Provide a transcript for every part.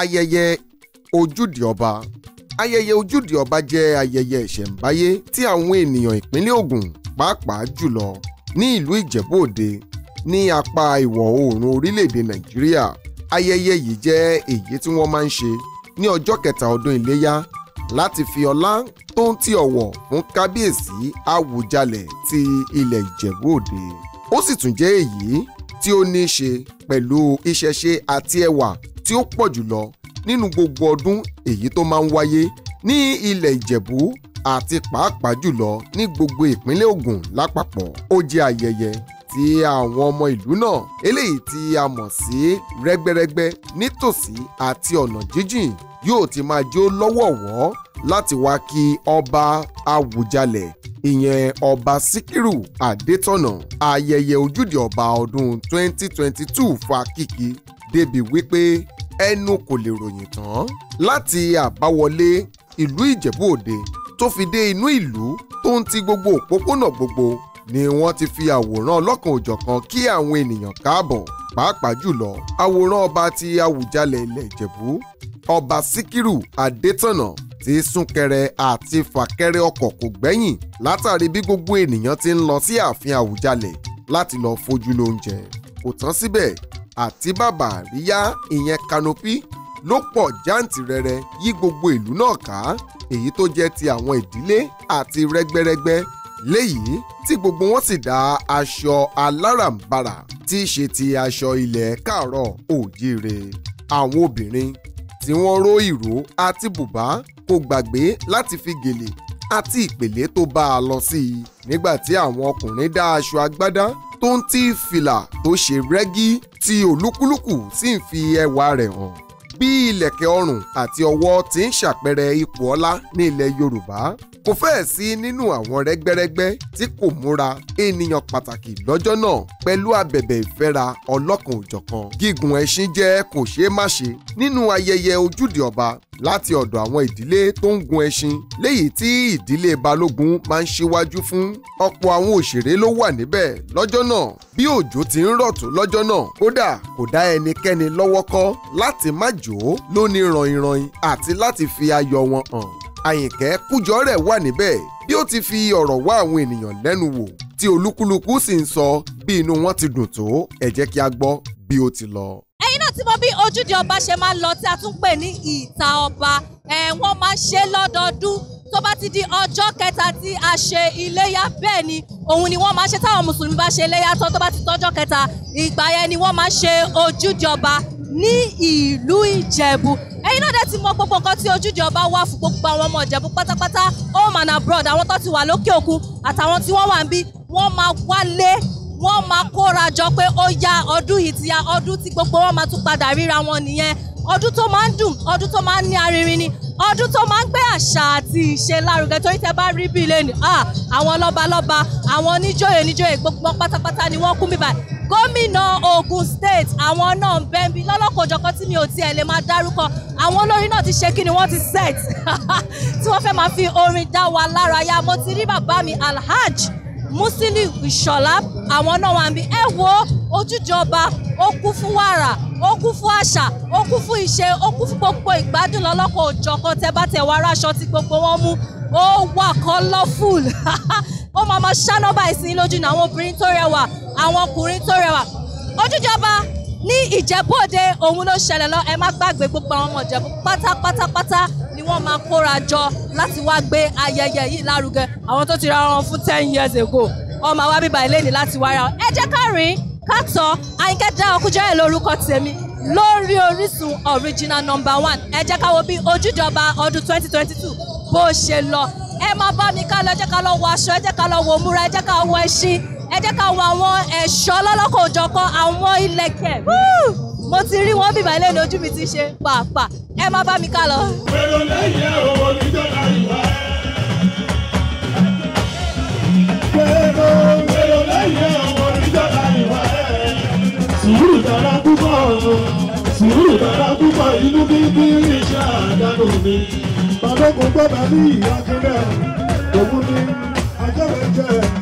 ayẹyẹ ojúde ọba ayẹyẹ ojúde ọba jẹ́ ayẹyẹ ìṣẹ̀ǹbáyé tí àwọn ènìyàn ìpínlẹ̀ Ògùn pàápàá jùlọ ní ìlú Ìjẹ̀bú Òde ní apá ìwọ̀ oòrùn orílẹ̀-èdè Nàìjíríà ayẹyẹ yìí jẹ́ èyí tí wọ́n máa ń ṣe ní ọjọ́ kẹta ọdún iléyá láti fi ọlá tó ń ti ọ̀wọ̀ fún kábíyèsí Àwùjalẹ̀ ti ilẹ̀ Ìjẹ̀bú Òde ó sì tún jẹ́ èyí tí ó ní í ṣe pẹ̀lú ìṣẹ̀ṣe àti ẹwà tí ó pọ̀ jùlọ nínú gbogbo ọdún èyí tó máa ń wáyé ní ilẹ̀ Ìjẹ̀bú àti pàápàá jùlọ ní gbogbo ìpínlẹ̀ Ògùn lápapọ̀ ó jẹ́ ayẹyẹ ti àwọn ọmọ ìlú náà eléyìí tí a mọ̀ sí rẹ́gbẹ́rẹ́gbẹ́ nítòsí àti ọ̀nà jíjìn yóò ti máa jó lọ́wọ̀ọ̀wọ́ láti wá kí ọba Àwùjalẹ̀ ìyẹn ọba Síkírù Adétọ̀nà ayẹyẹ ojúde ọba ọdún 2022 fa kíkí débi wípé ẹnu kò lè ròyìn tán. láti àbáwọlé ìlú ìjẹ̀bú òde tó fi dé inú ìlú tó ń ti gbogbo òpópónà gbogbo ni wọ́n ti fi àwòrán ọlọ́kan òjọ̀kan kí àwọn ènìyàn káàbọ̀ pàápàá jùlọ àwòrán ọba ti Awùjalẹ̀ ilẹ̀ ìjẹ̀bú ọba Síkírù Adétọ̀nà tí súnkẹrẹ àti fàkẹrẹ ọkọ̀ kò gbẹ́yìn látàrí bí gbogbo ènìyàn ti ń lọ sí ààfin Àwùjalẹ̀ láti lọ fojú lóúnjẹ kò tán síbẹ̀ àti bàbà àríyá ìyẹn kanopi ló pọ̀ jáǹtìrẹrẹ yí gbogbo ìlú náà ká èyí tó jẹ́ ti àwọn ìdílé àti rẹ́gbẹ́rẹ́gbẹ́ léyìí tí gbogbo wọn sì dá aṣọ aláràǹbarà tí í ṣe ti aṣọ ilẹ̀ káàárọ̀ òjíire àwọn obìnrin tí wọ́n ró ìró àti bùbá kò gbàgbé láti fi gèlè àti ìpèlé tó bá a lọ sí i nígbà tí àwọn ọkùnrin dá aṣọ agbádá tó ń tí fìlà tó ṣe rẹ́gí tí olúkúlùkù sì ń fi ẹwà rẹ̀ hàn bí ilẹ̀kẹ̀ ọrùn àti ọwọ́ ti ń ṣàpẹẹrẹ ipò ọlá ní ilẹ̀ Yorùbá kò fẹ́ẹ̀ sí nínú àwọn rẹ́gbẹ́rẹ́gbẹ́ tí kò múra ènìyàn pàtàkì lọ́jọ́ náà pẹ̀lú abẹ̀bẹ̀ ìfẹ́ra ọlọ́kan òjọ̀kan. gígùn ẹṣin jẹ́ kò ṣeé má ṣe nínú ayẹyẹ ojúde ọba láti ọ̀dọ̀ àwọn ìdílé tó ń gun ẹṣin léyìí tí ìdílé balógun máa ń ṣíwájú fún. ọ̀pọ̀ àwọn òṣèré ló wà níbẹ̀ lọ́jọ́ náà bí òjò ti ń rọ̀ lọ́jọ́ náà kódà kò dá ẹnikẹ́ni lọ́wọ́ kọ́ láti má jò ó lóní rànyìnrànyìn àti láti fi ayọ̀ wọn hàn àyìnkẹ́ kújọ́rẹ̀ wà níbẹ̀ bí ó ti fi ọ̀rọ̀ wá àwọn ènìyàn lẹ́nu wò tí olúkúlùkù sì ń sọ bí inú wọn ti dùn tó ẹ jẹ́ kí a gbọ́ bí ó ti lọ. ẹ̀yin náà ti mọ bí ojúde ọba ṣe máa ń lọ tí a tún pè ní ìta ọba ẹ máa ń ṣe lọ́dọọdún tó bá ti di ọjọ́ kẹta tí a ṣe iléyá bẹ́ẹ̀ ni òun ni wọ́n máa ṣe táwọn mùsùlùmí bá ṣe iléyá tán tó bá ti tọ́jọ́ kẹta ìgbà yẹn ni wọ́n máa ṣe ojúde ọba ní ìlú ìjẹ̀bú ẹ̀yin náà dẹ̀ ti mọ gbogbo nǹkan tí ojújọba wà fún gbogbo àwọn ọmọ ìjẹ̀bú pátápátá home and abroad àwọn tó ti wà lókè òkun àtàwọn tí wọ́n wà ń bí wọ́n máa wálé wọ́n máa kóra jọ pé ó ya ọdún yìí ti ya ọdún tí gbogbo wọn máa tún padà ríra wọn nìyẹn ọdún tó máa ń dùn ọdún tó máa ń ní arinrin ni ọdún tó máa ń gbé àṣà àti ìṣe lárugẹ torí tẹ bá rí bíi lẹni àwọn lọ́balọ́ba àwọn oníjòyè oníjòyè gbogbo pátápátá ni wọ́n kún bíbá gómìnà Ogun State àwọn náà ń bẹ́ẹ̀ bí lọ́lọ́kọ̀ọ́jọ̀kan tí mi ò tiẹ̀ lè máa dárúkọ àwọn olórin náà ti ṣe kí ni wọ́n ti set tí wọ́n fẹ́ máa fi orin dá wa lára yá mo ti rí bàbá mi Alhaj Musili Ìṣọ̀lá àwọn náà wà ń bí ẹ wo ojújọba ó kú fún wàrà ó kú fún àṣà ó kú fún ìṣe ó kú fún gbogbo ìgbádùn lọ́lọ́kọ̀ọ́jọ̀kan tẹ bá tẹ wá aráṣọ tí gbogbo wọn mú ó wà colorful ó máa máa ṣáná báyìí sí lójú ní àwọn obìnrin tó rẹwà àwọn ọkùnrin tó rẹwà ojújọba ní ìjẹ́bú-òde òun ló ṣẹlẹ̀ lọ ẹ má gbàgbé gbogbo àwọn ọmọ ìjẹ̀bú pátápátápátá ni wọ́n máa kóra jọ láti wá gbé ayẹyẹ yìí lárugẹ àwọn tó ti ra wọn fún ten years ago ọmọ àwa bíbá ilé ní láti wá ra ẹ jẹ́ ká rìn ká tọ́ Àyìnkẹ́ Dáọkújẹ́rẹ́ lórúkọ tèmi lórí Orísun original number one ẹ jẹ́ ká wo bí ojújọba ọdún twenty twenty two bó ṣe lọ ẹ má bá mi ká lọ ẹ jẹ́ ká lọ wọ aṣọ ẹ jẹ́ ká lọ wọ òmùra ẹ jẹ́ ká wọ ẹṣin ẹ jẹ́ ká wo àwọn ẹ̀ṣọ́ lọ́lọ́kọ̀ òjọ̀kan àwọn ilẹ̀kẹ̀ mo ti rí wọn bíbá ilé lójú mi ti ṣe pàápàá ẹ má bá mi ká lọ. èrò lẹ́yìn ẹ̀ owó ìwà ẹ̀. èrò èrò lẹ́yìn ẹ̀ owó ìwà ẹ̀. sùúrù dára púpọ̀ sùúrù dára púpọ̀ inú bíbí iṣẹ́ àdánù mi. balógun gbọ́dọ̀ ní ìyá kúnlẹ̀ òun ni ajẹ́rẹ́jẹ́.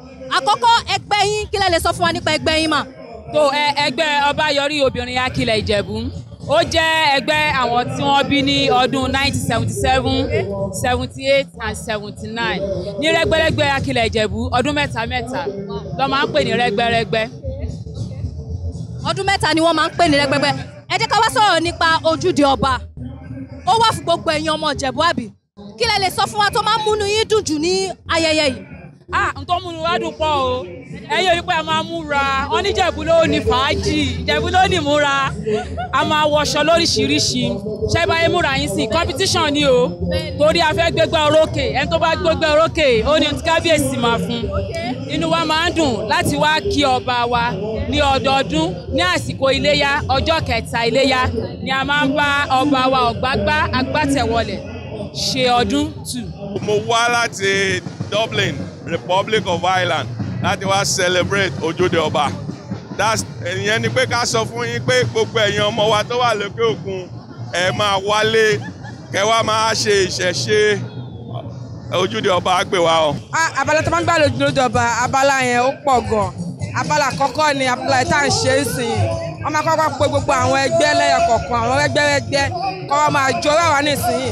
àkọ́kọ́ ẹgbẹ́ yín kí lẹ lè sọ fún wa nípa ẹgbẹ́ yín mà. tó ẹgbẹ́ ọbáyọrí obìnrin akilẹ̀ ìjẹ̀bú ó jẹ́ ẹgbẹ́ àwọn tí wọ́n bí ní ọdún 1977 78 and 79 ní rẹ́gbẹ́rẹ́gbẹ́ akilẹ̀ ìjẹ̀bú ọdún mẹ́ta mẹ́ta lọ́ máa ń pè ní rẹ́gbẹ́rẹ́gbẹ́. ọdún mẹ́ta ni wọ́n máa ń pè ní rẹ́gbẹ́rẹ́gbẹ́ ẹ jẹ́ ká wá sọ̀rọ̀ nípa ojúde ọba ó wà fún gbogbo ẹ̀yin ọmọ ìjẹ̀bú àbí kí lẹ lè sọ fún wa tó máa ń múnú yín dùn jù ní ayẹyẹ yìí ah nǹkan múnú wá dùn pọ̀ o ẹ̀yin orí pé a máa múra wọn ní Ìjẹ̀bú ló ní fàájì Ìjẹ̀bú ló ní múra a máa wọṣọ lóríṣiríṣi ṣé báyé múra yín sí competition ni o torí a fẹ́ gbégbá orókè ẹni tó bá gbégbá orókè ó ní ti kábíyèsí máa fún inú wa máa ń dùn láti wá kí ọba wa ní ọdọọdún ní àsìkò iléyá ọjọ́ kẹta iléyá ni a máa ń bá ọba wa ọ̀gbágbá agbátẹ̀wọlẹ̀ ṣe ọdún tù. mo wá láti Dublin Republic of Ireland láti wá celebrate Ojúde Ọba ìyẹn ni pé ká sọ fún yín pé gbogbo ẹ̀yin ọmọ wa tó wà lókè òkun ẹ máa wálé kẹ wá máa ṣe ìṣẹ̀ṣe Ojúde Ọba á wa o. Ah, abala tó máa ń gbà lójúde ọba abala yẹn ó pọ̀ gan abala àkọ́kọ́ ni abala tá à ń ṣe é sìn wọ́n máa kọ́kọ́ pe gbogbo àwọn ẹgbẹ́ lẹ́yọ̀kọ̀ọ̀kan àwọn ẹgbẹ́ ẹgbẹ́ kọ́ wọ́n máa jó wà wá nísìnyí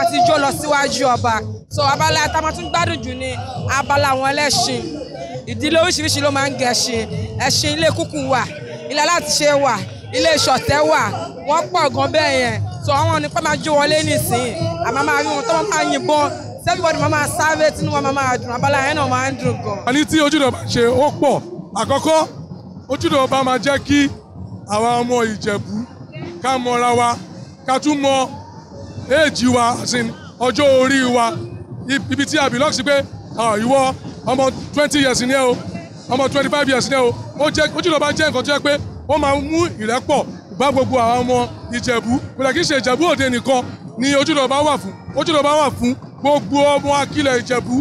àti jó lọ síwájú ọba so abala táwọn tún gbádùn jù ni abala àwọn ẹlẹ́ṣin ìdílé oríṣiríṣi ló máa ń gẹṣin ẹṣin ilé kúkú wà ilé aláàtìṣe wà ilé ìṣọ̀tẹ̀ wà wọ́n pọ̀ gan bẹ́ẹ̀ yẹn so àwọn nípa máa jó wọlé nísìnyí àmọ́ máa rí wọn tó máa yìnbọn everybody máa máa sáré tí wọn máa máa dùn abala yẹn náà máa ń dùn gan. àní tí ojúdọ̀ bá ṣe ó pọ̀ àkọ́kọ́ ojúdọ̀ bá máa jẹ́ kí àwa ọmọ ìjẹ̀bú ká mọra wa ká tún mọ éèjì wa àti ọjọ́ orí wa ibi tí a belong sí pé ah, ìwọ ọmọ twenty years ni ẹ o ọmọ twenty five years ni ẹ o ó jẹ ojúlọba jẹ nǹkan tó yẹ pé ó máa mú ìrẹ́pọ̀ bá gbogbo àwọn ọmọ ìjẹ̀bú kódà kì í ṣe ìjẹ̀bú òde nìkan ni ojúlọba wà fún ojúlọba wà fún gbogbo ọmọ akílẹ̀ ìjẹ̀bú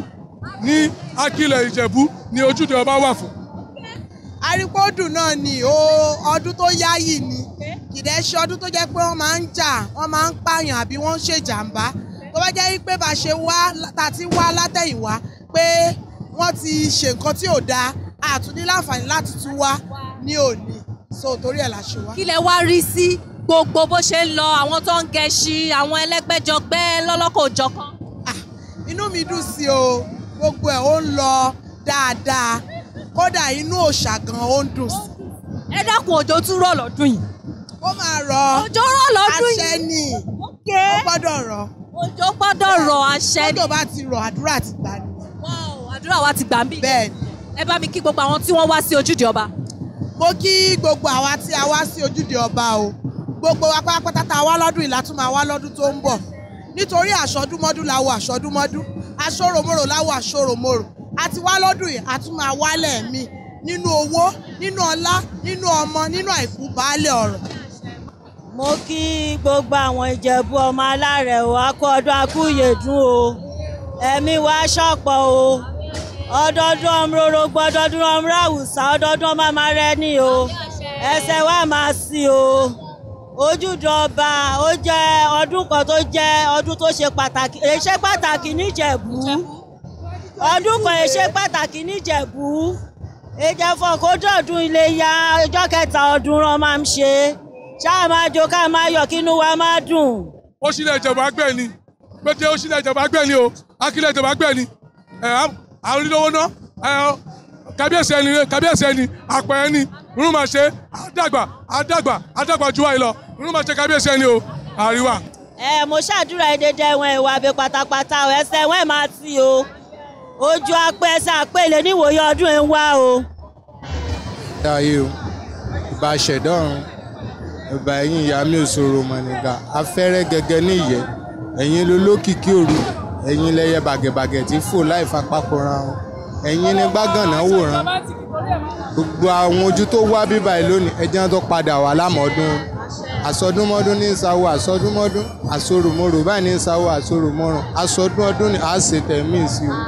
ní akílẹ̀ ìjẹ̀bú ni ojúlọba wà fún. arípòdù náà ni ọdún tó yáyì ni kìdẹ́ṣẹ́ ọdún tó jẹ́ pé wọ́n máa ń jà wọ́n máa ń pààyàn àbí wọ́n ń ṣèjàmbá tó bá jẹ́ pé bá ṣe wá tá a ti wá látẹ̀yìnwá pé wọ́n ti ṣe nǹkan tí ò dáa àtúndí láǹfààní láti tún wá ní òní so torí ẹ̀ la ṣe wá. kí lẹ wá rí sí gbogbo bó ṣe ń lọ àwọn tó ń gẹṣin àwọn ẹlẹ́gbẹ́jọgbẹ́ lọ́lọ́kọ̀ọ́jọ̀kan. Ah, inú mi dùn sí o gbogbo ẹ̀ ó ń lọ dáadáa kódà inú òòṣà gan ó ń dùn sí. ẹ dákun òjò tún rọ̀ lọ́dún yìí. ó máa rọ̀ àṣẹ ni ó gbọ́dọ̀ rọ̀. òjò gbọ́dọ̀ rọ̀ àṣẹ ni. tó bá ti rọ̀ àdúrà ti gbà ní. wow àdúrà wa ti gbà mí. bẹ́ẹ̀ni. ẹ bá mi kí gbogbo àwọn tí wọ́n wá sí ojúde ọba. mo kí gbogbo àwa tí a wá sí ojúde ọba o gbogbo wa pátápátá ta a wá lọ́dún ìlà tún máa wá lọ́dún tó ń bọ̀ nítorí àṣọdúnmọ́dú la wọ àṣọdúnmọ́dú aṣọ́ròmọ́rò la wọ aṣọ́ròmọ́rò a ti wá lọ́dún yìí a tún máa wálẹ̀ mi nínú owó nínú ọlá nínú ọmọ nínú àìkú baálé ọ̀rọ̀ mo kí gbogbo àwọn ìjẹ̀bú ọmọ alárẹ̀ o a kú ọdún a kú ìyèdún o ẹ̀mí wa ṣọ̀pọ̀ o ọdọọdún ọmọroro gbọdọọdún ọmọrọ àwùsá ọdọọdún ọmọ amárẹ ni o ẹsẹ̀ wa máa sí o ojúdọba ó jẹ ọdún kan tó jẹ ọdún tó ṣe pàtàkì èṣe pàtàkì níjẹ̀bú ọdún kan èṣe pàtàkì níjẹ̀bú ìjẹ̀fọ́ kó dọ̀dún iléyá ọjọ́ kẹta ọdún rán máa ń ṣe ṣáà máa jó ká máa yọ̀ kí wa máa dùn. ó ṣílẹ̀ ìjọba gbẹ̀ ni pété ó ṣílẹ̀ ìjọba gbẹ̀ ni o akílẹ̀ ìjọba gbẹ̀ ni àwọn onílówó náà kábíyèsí ẹni kábíyèsí ẹni àpẹ ẹni nínú àdàgbà àdàgbà àdàgbà ju àìlọ nínú máa ṣe kábíyèsí ẹni o àríwá. ẹ mo ṣàdúrà ẹ dédé ẹwọn ìwà àbẹ pátápátá ẹsẹ ẹwọn ẹ máa tì o ojú apẹ ẹsẹ àpèlè níwòye ọdún ẹ ń wá o. ìdáyé ṣẹ̀dọ́run ìgbà ẹ̀yìn ìyá mi ò sọ̀rọ̀ mọ̀nìkà afẹ́rẹ́ gẹ́gẹ́ níyẹ́ ẹ̀yin lolókìkí òru ẹ̀yin lẹyẹ bàgẹ̀bàgẹ̀ tí fò láì fapákọ̀ra wọn ẹ̀yin ní gbàgànà wòran gbogbo àwọn ojú tó wá bí báyìí lónìí ẹjẹ́ tó padà wà lámọ̀ọ́dún àsọdúnmọ́dún ní ìsàwọ̀ àsọdúnmọ́dún àsorùmọ́rò báyìí ní ìsàwọ̀ àsorùmọ́rùn àsọdún ọdún ní àṣetẹ̀mí sí o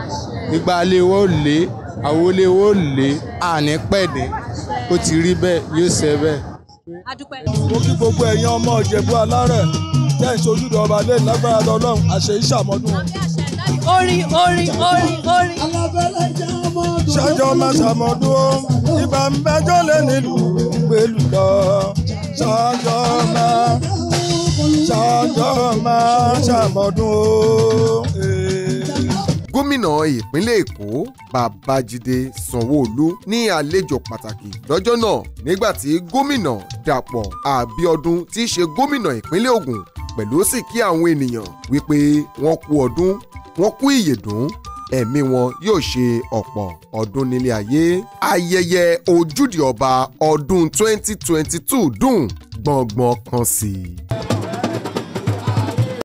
ìgbà aléwọ́ lé àwọléwọ́ lé àní pẹ̀dẹ̀ ó ti rí bẹ́ẹ̀ yóò ṣe bẹ́ẹ̀ mo kí gbogbo ẹ̀yin ọmọ ìjẹ̀bú alárẹ̀ tẹ̀ ń sojúdọ̀ ọba lé lágbára lọ́lọ́run àṣẹ ìṣàmọ́dún wọn. orin orin orin orin. ṣájọ́ máa ṣàmọ́dún ó ń bẹ́jọ́ lé nílùú pẹ̀lú lọ ṣájọ́ máa ṣájọ́ máa ṣàmọ́dún gómìnà ìpínlẹ̀ èkó babájídé sanwóolu ní àlejò pàtàkì lọ́jọ́ náà nígbà tí gómìnà dàpọ̀ àbíọdún tí í ṣe gómìnà ìpínlẹ̀ ògùn pẹ̀lú sì kí àwọn ènìyàn wípé wọ́n kú ọdún wọ́n kú ìyèdún ẹ̀mí wọn yóò ṣe ọ̀pọ̀ ọdún nílé ayé ayẹyẹ ojúde ọba ọdún 2022 dùn gbọ̀ngbọ̀n kan sí i.